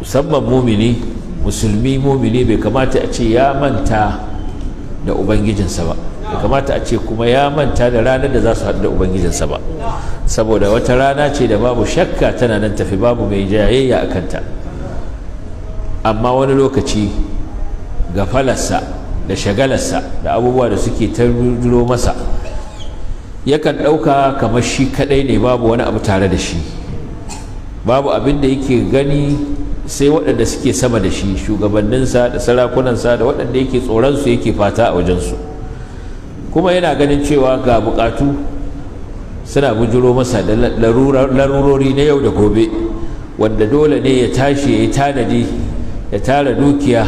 musamman mumini musulmi mumini bai kamata a ce ya manta da ubangijinsa ba bai kamata a ce kuma ya manta da ranar da za su haɗu da ubangijinsa ba saboda wata rana ce da babu shakka tana nan tafi babu mai jayayya a kanta amma wani lokaci ga falarsa da shagalarsa da abubuwa da suke ta masa yakan ɗauka kamar shi kaɗai ne babu wani abu tare da shi babu abin da yake gani sai waɗanda suke sama da shi shugabanninsa da sarakunansa da waɗanda yake tsoronsu yake fata a wajensu kuma yana ganin cewa ga buƙatu suna bujiro masa da larurori na yau da gobe wanda dole ne ya tashi ya yi tanadi ya tara dukiya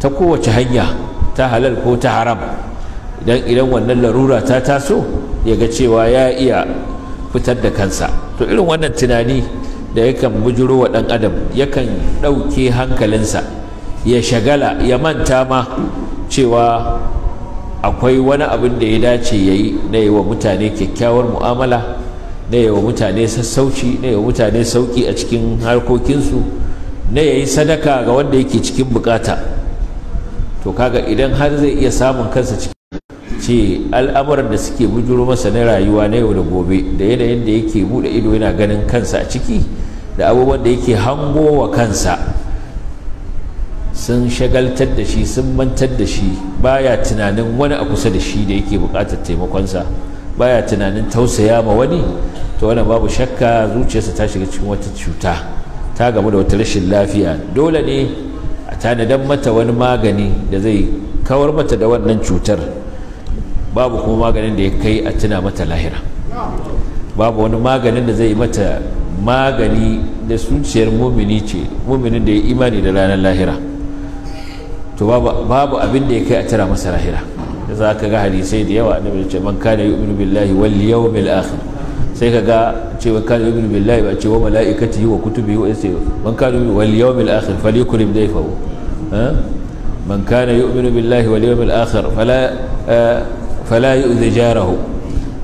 ta kowace hanya ta halal ko ta haram idan wannan larura ta taso ya ga cewa ya iya fitar da kansa to irin wannan tunani da yakan bujuro wa ɗan adam yakan ɗauke hankalinsa ya shagala ya manta ma cewa akwai wani abin da ya dace ya yi na yi wa mutane kyakkyawar mu'amala na yi wa mutane sassauci na yi wa mutane sauƙi a cikin harkokinsu na ya yi sadaka ga wanda yake cikin bukata to kaga idan har zai iya samun kansa cikin ce al'amuran da suke bujuro masa na rayuwa na yau da gobe da yanayin da yake bude ido yana ganin kansa a ciki da abubuwan da yake hango wa kansa sun shagaltar da shi sun mantar da shi baya tunanin wani a kusa da shi da yake bukatar taimakonsa baya tunanin tausaya ma wani to wannan babu shakka zuciyarsa ta shiga cikin wata cuta ta gamu da wata rashin lafiya dole ne a tanadan mata wani magani da zai kawar mata da wannan cutar babu kuma maganin da ya kai a tuna mata lahira babu wani maganin da zai mata magani da zuciyar mumini ce muminin da ya imani da ranar lahira to babu abin da ya kai a tuna masa lahira da za ka ga hadisai da yawa annabi ce man kana yu'minu billahi wal yawmil akhir sai ka ga cewa kana yu'minu billahi ba ce wa malaikatihi wa kutubihi wa sai man kana yu'minu wal yawmil akhir falyukrim dayfahu eh? man kana yu'minu billahi wal yawmil akhir fala eh, fala yu'dhi jarahu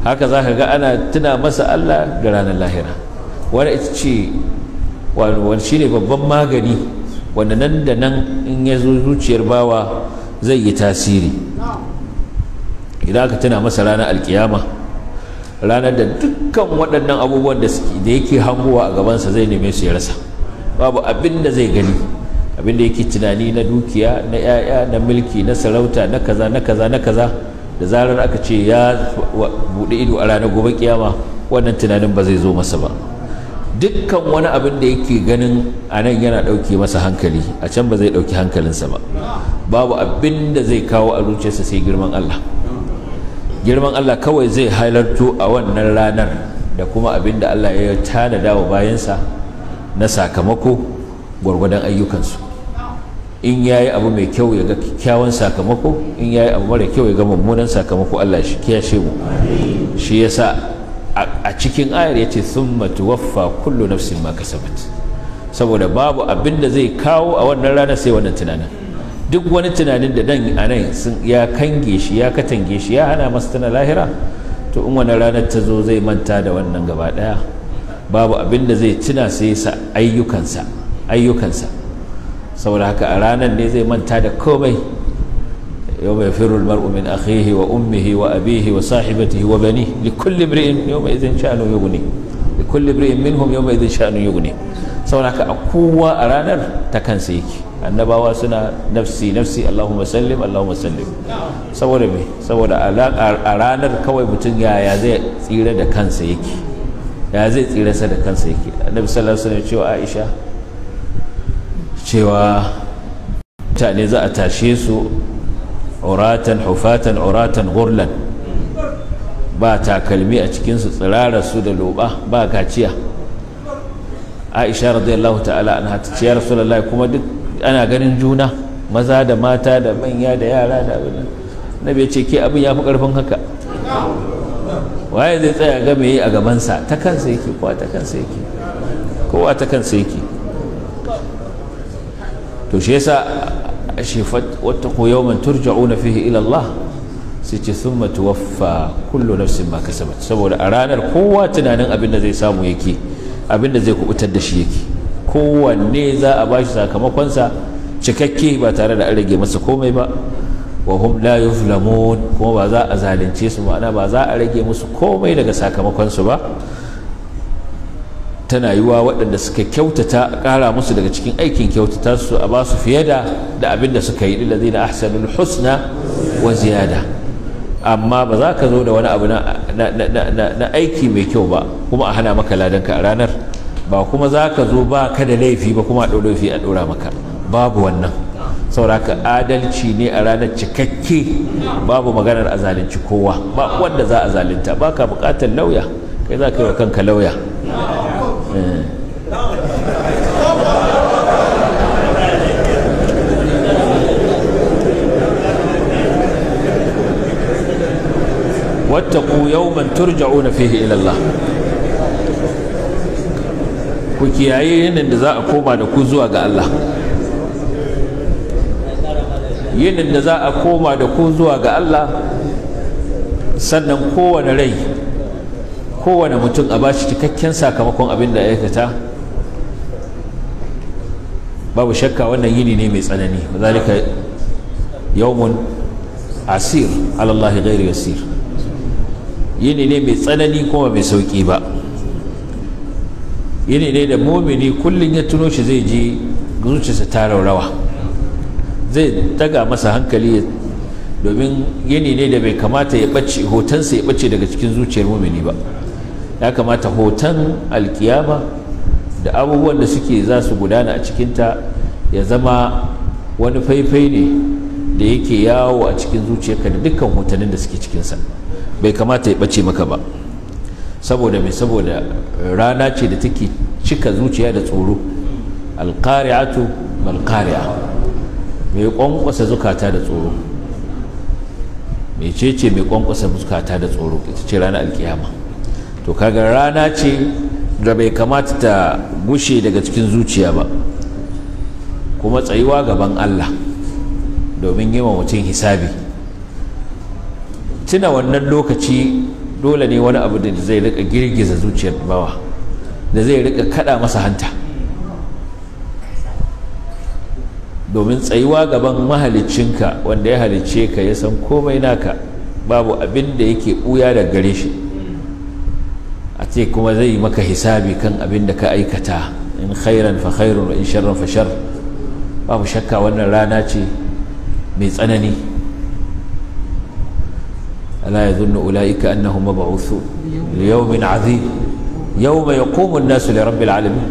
haka zaka ga ana tuna masa Allah ga ranar lahira wani ita ce wani shine babban magani wanda nan da nan in ya zo zuciyar bawa zai yi tasiri idan aka tuna masa ranar alkiyama ranar da dukkan waɗannan abubuwan da yake hangowa a gabansa zai neme su ya rasa babu abin da zai gani abin da yake tunani na dukiya na 'ya'ya na milki na sarauta na kaza na kaza na kaza da zarar aka ce ya buɗe ido a ranar gobe kiyama wannan tunanin ba zai zo masa ba dukkan wani abin da yake ganin a nan yana ɗauke masa hankali a can ba zai ɗauki hankalinsa ba babu abin da zai kawo a zuciyarsa sai girman Allah girman Allah kawai zai halarto a wannan ranar da kuma abin da Allah ya tanada wa bayansa na sakamako gwargwadon ayyukansu in ya yi abu mai kyau ya ga kyawun sakamako in ya yi abu mara kyau ya ga mummunan sakamako Allah shi kiyashe mu shi ya sa a cikin ayar ya ce sun waffa kullu nafsin ma kasabat saboda babu abin da zai kawo a wannan rana sai wannan tunanin duk wani tunanin da dan a nan ya kange shi ya katange shi ya hana masa tana lahira to in wannan ranar ta zo zai manta da wannan gaba daya babu abin da zai tuna sai sa ayyukansa ayyukansa saboda haka a ranar ne zai manta da komai yau mai firul mar'u min akhihi wa ummihi wa abihi wa sahibatihi wa bani li kulli imri'in yawma idhin sha'nu yughni li kulli imri'in minhum yawma idhin sha'nu yughni saboda haka a kowa a ranar ta kansa yake annabawa suna nafsi nafsi Allahumma sallim Allahumma sallim saboda me saboda a ranar kawai mutum yaya zai tsira da kansa yake ya zai tsira sa da kansa yake annabi sallallahu alaihi wasallam cewa Aisha cewa mutane za a tashe su uratan hufatan uratan gurlan ba takalmi a cikinsu tsirara su da loba ba kaciya aisha radiyallahu ta'ala an ta ciyar rasulullahi kuma duk ana ganin juna maza da mata da manya da yara da abin nabi ce ke abin ya fi karfin haka waye zai tsaya ga me a gabansa ta kansa yake kowa ta kansa yake kowa ta kansa yake to shi yasa shi wattaqu turja'u turja'una fihi ila Allah sai ce thumma tuwaffa kullu nafsin ma kasabat saboda a ranar kowa tunanin abin da zai samu yake abin da zai kubutar da shi yake kowanne za a bashi sakamakonsa cikakke ba tare da an rage masa komai ba wa hum la yuzlamun kuma ba za a zalunce su ma'ana ba za a rage musu komai daga sakamakonsu ba tana yiwa waɗanda suka kyautata ƙara musu daga cikin aikin kyautata su a ba su fiye da da abin da suka yi lillazi na ahsanul husna wa ziyada amma ba za ka zo da wani abu na aiki mai kyau ba kuma a hana maka ladanka a ranar ba kuma za ka zo ba ka da laifi ba kuma a ɗau laifi a ɗora maka babu wannan sauraka adalci ne a ranar cikakke babu maganar a zalunci kowa ba wanda za a zalunta ba ka buƙatar lauya kai za ka yi wa kanka lauya Eh. wattaku yawman turja'una fihi ila Allah ku kiyaye yinin da za a koma da ku zuwa ga Allah yinin da za a koma da ku zuwa ga Allah sannan kowane rai kowane mutum a bashi cikakken sakamakon abin da aikata babu shakka wannan yini ne mai tsanani zalika yawmun asir alallahi ghairi yasir yini ne mai tsanani kuma mai sauki ba yini ne da mumini kullum ya tuno shi zai ji zuciyarsa ta raurawa zai daga masa hankali domin yini ne da bai kamata ya ɓace hotonsa ya ɓace daga cikin zuciyar mumini ba ya kamata hoton alkiyama da abubuwan da suke za su gudana a cikinta ya zama wani faifai ne da yake yawo a cikin zuciyarka da dukkan hotonin da suke cikinsa bai kamata ya ɓace maka ba saboda mai saboda rana ce da take cika zuciya da tsoro alƙari'atu malkariya mai ƙwanƙwasa zukata da tsoro mai ce mai ƙwanƙwasa zukata da tsoro ita ce ranar alkiyama to kaga rana ce da bai kamata ta gushe daga cikin zuciya ba kuma tsayuwa gaban Allah domin yi wa mutum hisabi tuna wannan lokaci dole ne wani abu da zai rika girgiza zuciyar bawa da zai rika kada masa hanta domin tsayuwa gaban mahalicinka wanda ya halicce ka ya san komai naka babu abin da yake ɓuya da gare shi a ce kuma zai maka hisabi kan abin da ka aikata in khairan fa khairun wa in sharran fa shar babu shakka wannan rana ce mai tsanani ala yadhunnu ulaika annahum mab'uthu li yawmin azim yawma yaqumu an-nasu li rabbil alamin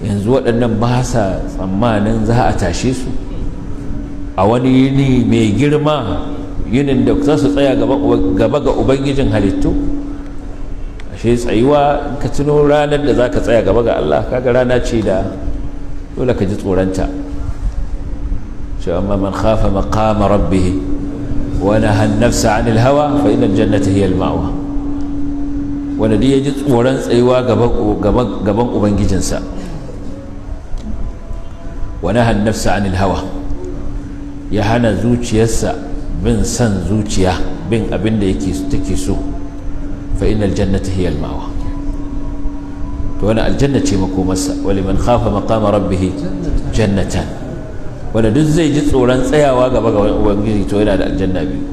yanzu waɗannan ba sa tsammanin za a tashe su a wani yini mai girma yinin da za su tsaya gaba ga ubangijin halittu shi tsayuwa ka tuno ranar da za ka tsaya gaba ga Allah kaga rana ce da dole ka ji tsoronta shi amma man khafa maqama rabbih wa naha an-nafsa 'anil hawa fa inna al-jannata hiya al-ma'wa wanda duk ya ji tsoron tsayuwa gaban ubangijinsa wa naha an-nafsa 'anil hawa ya hana zuciyarsa bin san zuciya bin abin da yake take so fa innal jannata hiya al-ma'wa to wani aljanna ce makomarsa wali man khafa maqama rabbih jannatan wanda duk zai ji tsoron tsayawa gaba ga wani ubangiji to yana da aljanna biyu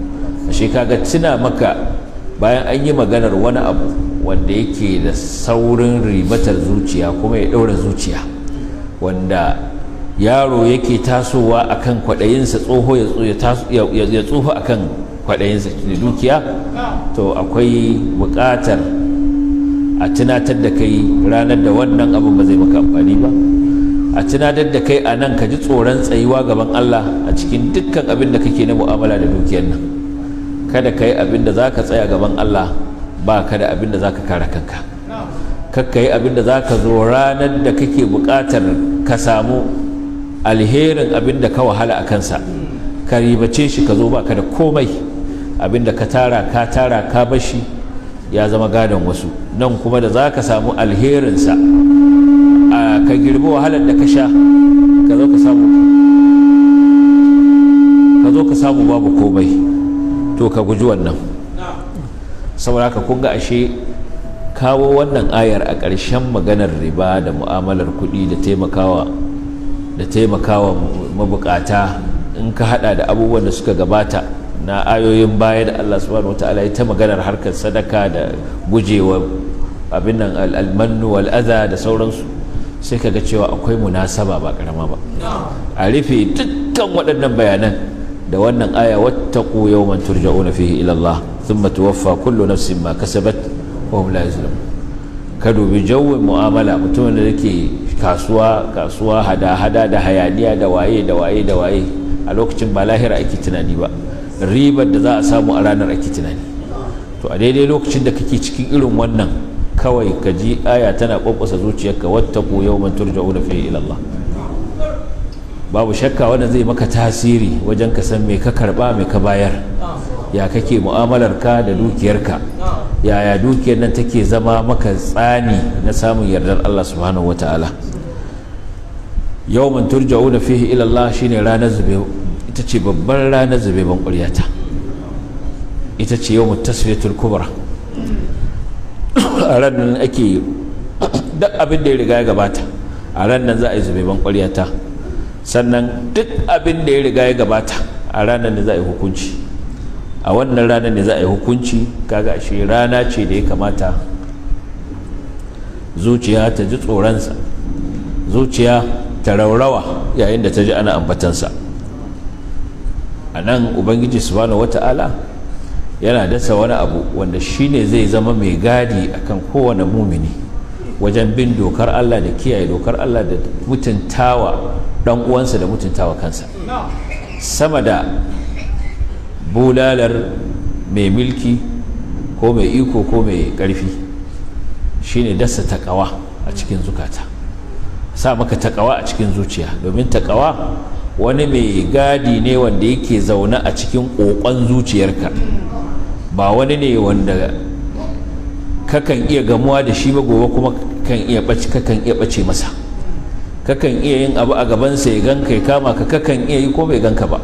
ashe kaga tuna maka bayan an yi maganar wani abu wanda yake da saurin ribatar zuciya kuma ya ɗaura zuciya wanda yaro yake tasowa akan kwaɗayinsa tsoho ya tsufa akan kwaɗayinsa dukiya to akwai buƙatar a tunatar da kai ranar da wannan abin ba zai maka amfani ba a tunatar da kai a nan ka ji tsoron tsayuwa gaban Allah a cikin dukkan abin da kake na mu'amala da dukiyar nan kada ka yi abin da za ka tsaya gaban Allah ba ka abin da za ka kare kanka kakka yi abin da za ka zo ranar da kake buƙatar ka samu alherin abin da ka wahala a kansa ka ribace shi ka zo ba ka da komai abinda ka tara ka tara ka bashi ya zama gadon wasu nan kuma da za ka samu alherinsa ka girbi wahalar da ka sha ka zo ka samu ka zo ka samu babu komai to ka guji wannan saboda ka kunga ashe kawo wannan ayar a ƙarshen maganar riba da mu'amalar kuɗi da taimakawa da taimakawa mabukata in ka hada da abubuwan da suka gabata na ayoyin baya da Allah subhanahu wataala ya ta maganar harkar sadaka da gujewa abin nan almannu wal'aza da sauransu sai ka ga cewa akwai munasaba ba karama ba a rufe dukkan waɗannan bayanan da wannan aya wata yawman turja'una fihi ilallah sun thumma tuwaffa kullu nafsin ma kasabat wa la yuzlamun ka dubi jawin mu'amala mutumin da yake kasuwa kasuwa hada hada da hayaniya da waye da waye da waye a lokacin ba lahira ake tunani ba ribar da za a samu a ranar ake tunani to a daidai lokacin da kake cikin irin wannan kawai ka ji aya tana ƙwaƙwasa zuciyarka wattaku man turja fihi ila ilallah babu shakka wanda zai maka tasiri wajen ka san me ka karba me ka bayar ya kake mu'amalar ka da dukiyarka yaya dukiyar nan take zama maka tsani na samun yardar Allah subhanahu wataala yawman turja'una fihi ila Allah shine ranar ita ce babban ranar zubeban ƙuryata ita ce yau tasfiyatul kubra a ranar ake yi duk abin da ya riga ya gabata a ranar za a yi zubeban ƙuryata sannan duk abin da ya riga ya gabata a ranar ne za a yi hukunci a wannan ranar ne za a yi hukunci kaga ashe rana ce da ya kamata zuciya ta ji tsoronsa zuciya ta raurawa yayin da ta ji ana ambatansa a nan ubangiji subhanahu wata'ala yana dasa wani abu wanda shine zai zama mai gadi akan kowane mumini wajen bin dokar allah da kiyaye dokar allah da mutuntawa dan uwansa da mutuntawa kansa sama da bulalar mai milki ko mai iko ko mai karfi shine dasa takawa a cikin zukata sa maka takawa a cikin zuciya domin takawa wani mai gadi ne wanda yake zaune a cikin ƙoƙon zuciyarka ba wani ne wanda kakan iya gamuwa da shi ba gobe kuma kakan iya ɓace kan iya ɓace masa kakan iya yin abu a gabansa ya ganka ya kama ka kakan iya yi ko bai ganka ba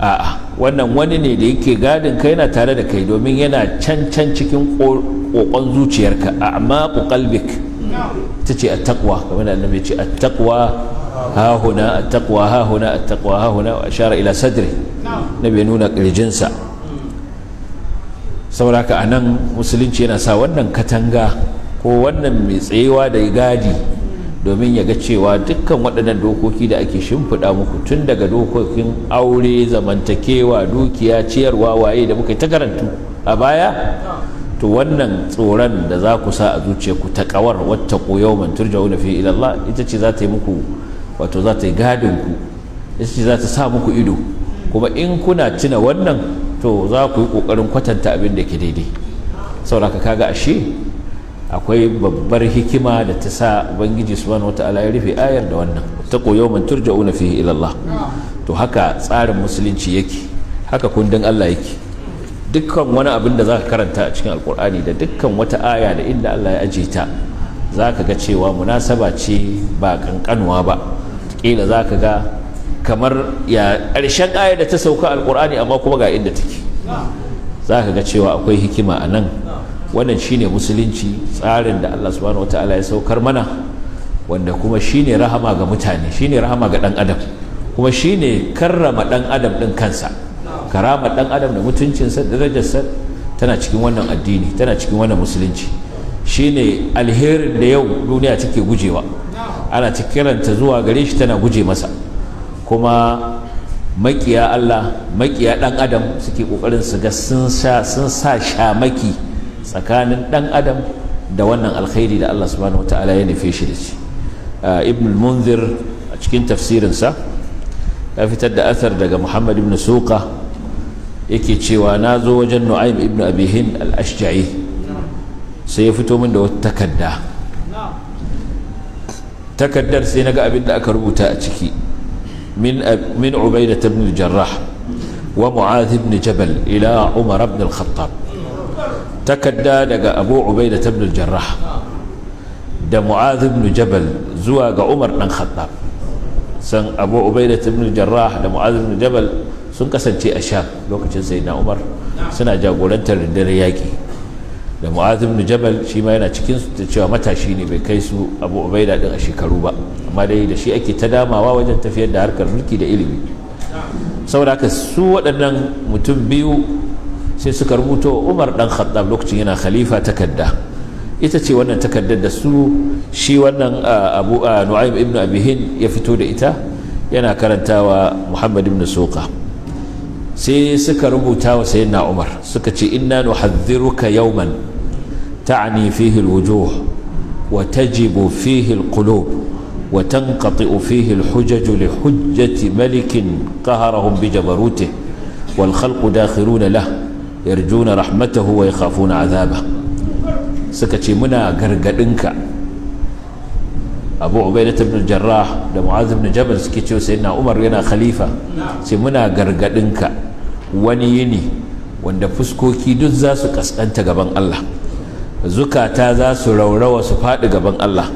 a'a wannan wani ne da yake gadin ka yana tare da kai domin yana can can cikin kokon zuciyarka amma kalbik ta ce takwa kamar da annabi ce takwa ha huna attaqwa ha huna attaqwa ha huna wa ashara ila sadri nabi nuna kirjinsa saboda a anan musulunci yana sa wannan katanga ko wannan mai tsayewa da gadi domin ya ga cewa dukkan waɗannan dokoki da ake shimfiɗa muku tun daga dokokin aure zamantakewa dukiya ciyarwa waye da muka yi ta karantu a baya to wannan tsoron da za ku sa a zuciyarku ta kawar wata koyo man turja'una fi ilallah ita ce za ta yi muku wato za ta yi gadin ku yace za ta sa muku ido kuma in kuna tuna wannan to za ku yi kokarin kwatanta abin da ke daidai sauraka kaga ashe akwai babbar hikima da ta sa ubangiji subhanahu wata ya rufe ayar da wannan koyo yawman turja una fi ilallah to haka tsarin musulunci yake haka kundin Allah yake dukkan wani abin da za ka karanta a cikin alkur'ani da dukkan wata aya da inda Allah ya ajiye ta za ka ga cewa munasaba ce ba kankanuwa ba kila za ka ga kamar ya ƙarshen ayar da ta sauka alƙur'ani amma kuma ga inda take za ka ga cewa akwai hikima a nan wannan ne musulunci tsarin da allah subhanahu ta'ala ya saukar mana wanda kuma shine rahama ga mutane shine rahama ga ɗan adam kuma shine karrama ɗan adam ɗin kansa karama ɗan adam da mutuncinsa da darajarsa tana cikin wannan addini tana cikin wannan musulunci shine alherin da yau duniya take gujewa ana ta zuwa gare shi tana guje masa kuma makiya Allah makiya dan adam suke kokarin su ga sun sa sun sa shamaki tsakanin dan adam da wannan alkhairi da Allah subhanahu wataala ya nufe shi da shi ah, ibn munzir a cikin tafsirinsa ya fitar da athar daga Muhammad ibn Suqa yake cewa na zo wajen Nu'aym ibn Abi Hind al-Ashja'i sai ya fito min da wata takarda takardar sai naga abin da aka rubuta a ciki min min ubaida ibn jarrah wa mu'adh ibn jabal ila umar ibn al-khattab takadda daga abu ubaida ibn jarrah da mu'adh ibn jabal zuwa ga umar dan khattab san abu ubaida ibn jarrah da mu'adh ibn jabal sun kasance a sha lokacin sayyidina umar suna jagorantar rundunar yaƙi da mu'az ibn jabal shi ma yana cikin su ta cewa matashi ne bai kai su abu ubaida din a shekaru ba amma dai da shi ake ta damawa wajen tafiyar da harkar mulki da ilimi saboda haka su waɗannan mutum biyu sai suka rubuto umar dan khattab lokacin yana khalifa takarda ita ce wannan takardar da su shi wannan abu nu'aym ibnu abihin ya fito da ita yana karantawa muhammad ibn suqa sai suka rubuta wa sayyidina umar suka ce inna nuhadhdhiruka yawman تعني فيه الوجوه وتجب فيه القلوب وتنقطع فيه الحجج لحجة ملك قهرهم بجبروته والخلق داخلون له يرجون رحمته ويخافون عذابه سكتي منا قرقدنك أبو عبيدة بن الجراح لمعاذ بن جبل سكتي سيدنا عمر لنا خليفة سيمنا قرقدنك ونيني وندفسكو كي دزا سكس أنت قبان الله zukata za su raurawa su faɗi gaban Allah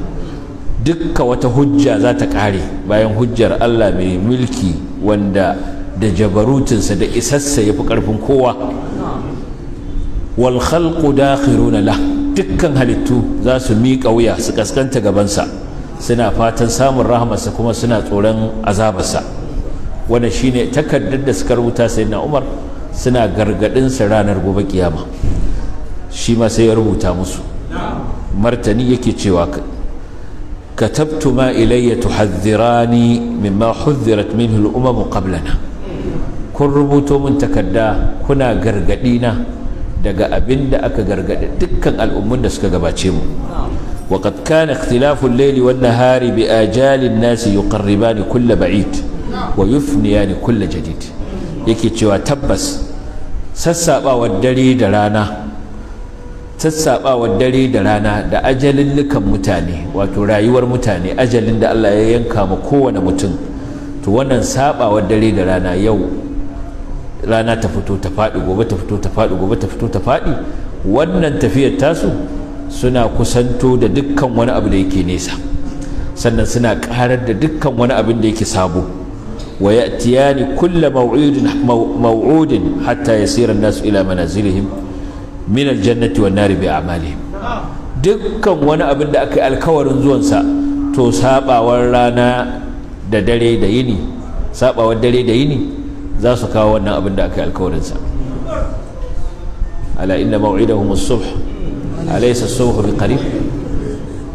dukka wata hujja za ta ƙare bayan hujjar Allah mai mulki wanda da jabarutinsa da isassa ya fi ƙarfin kowa walhalku da dakhiruna la dukkan halittu za su miƙa wuya su ƙasƙanta gabansa suna fatan samun rahamarsa kuma suna tsoron azabarsa wanda shine takardar da suka rubuta sayyidina Umar suna gargaɗinsa ranar gobe kiyama shi ma sai ya rubuta musu martani yake cewa katabtuma ilayya tuhadhirani mimma hudhirat minhu al-umam qablana kun rubuto min takarda kuna gargadi na daga abin da aka gargadi dukkan al'ummun da suka gabace mu وقد كان اختلاف الليل والنهار بآجال الناس يقربان ba'id wa ويفنيان كل jadid yake cewa tabbas sassaɓawar dare da rana sassaɓawar dare da rana da ajalin nukan mutane wato rayuwar mutane ajalin da Allah ya yanka ma kowane mutum to wannan saɓawar dare da rana yau rana ta fito ta faɗi gobe ta fito ta faɗi gobe ta fito ta faɗi wannan tafiyar tasu suna kusanto da dukkan wani abu da yake nesa sannan suna karar da dukkan wani abin da yake sabo wa ya'tiyani kullu maw'udin maw'udin hatta yasira an-nasu ila manazilihim min aljannati wan nari bi a'malihim dukkan wani abin da aka yi alkawarin zuwansa to sabawar rana da dare da yini sabawar dare da yini za su kawo wannan abin da aka yi alkawarinsa ala inna maw'idahum as-subh alaysa as-subh bi qarib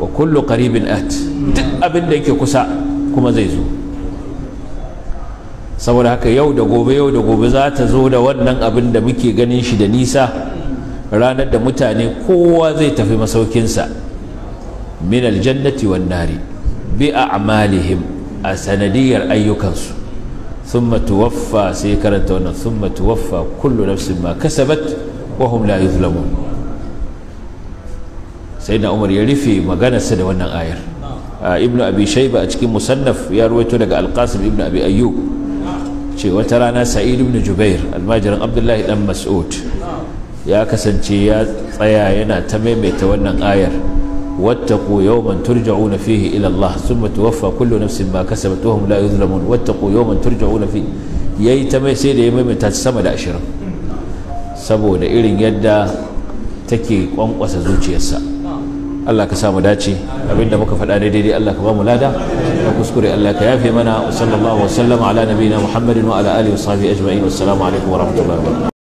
wa kullu qaribin at duk abin da yake kusa kuma zai zo saboda haka yau da gobe yau da gobe za ta zo da wannan abin da muke ganin shi da nisa ranar da mutane kowa zai tafi masaukinsa min aljannati wan nari bi a'malihim a sanadiyar ayyukansu thumma tuwaffa sai karanta wannan thumma tuwaffa kullu nafsin ma kasabat wa hum la yuzlamun sai na umar ya rufe maganarsa da wannan ayar ibnu abi shayba a cikin musannaf ya ruwaito daga alqasim ibnu abi ayyub ce wata rana sa'id ibn jubair almajirin abdullahi dan mas'ud ya kasance ya tsaya yana ta maimaita wannan ayar wattaqu yawman turja'una fihi ila Allah thumma tuwaffa kullu nafsin ma kasabat wa hum la yuzlamun wattaqu yawman turja'una fihi yayi ta mai sai da ya maimaita sama da 20 saboda irin yadda take kwankwasa zuciyarsa Allah ka samu dace abinda muka faɗa daidai Allah ka ba mu lada da kuskure Allah ka yafe mana wa sallallahu wa sallama ala nabiyina Muhammadin wa ala alihi wa sahbihi ajma'in wassalamu alaikum wa rahmatullahi wa barakatuh